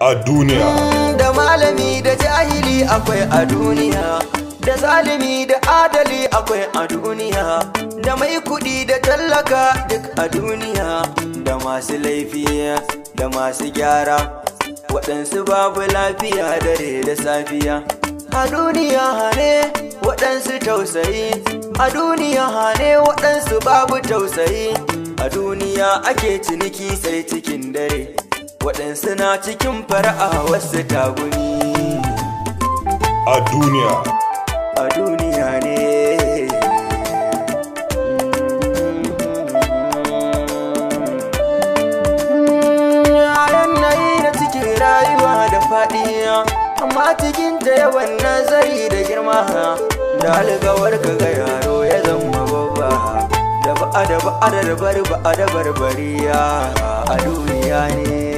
a duniya mm, da malami da jahili akwai a duniya da zalimi da adali akwai a duniya da mai kudi da tallaka duk a duniya da masu laifi da masu gyara waɗansu babu lafiya dare da safiya a duniya hane waɗansu tausayi a duniya hane waɗansu babu tausayi a duniya ake ciniki sai cikin dare waɗansu na cikin fara'a wasu taguni a duniya a duniya ne amma cikin rayuwa da faɗi amma cikin ta yawan nazari da girma da algawar ka ga yaro ya zama babba da ba'a da ba'a da barba da barbariya a duniya ne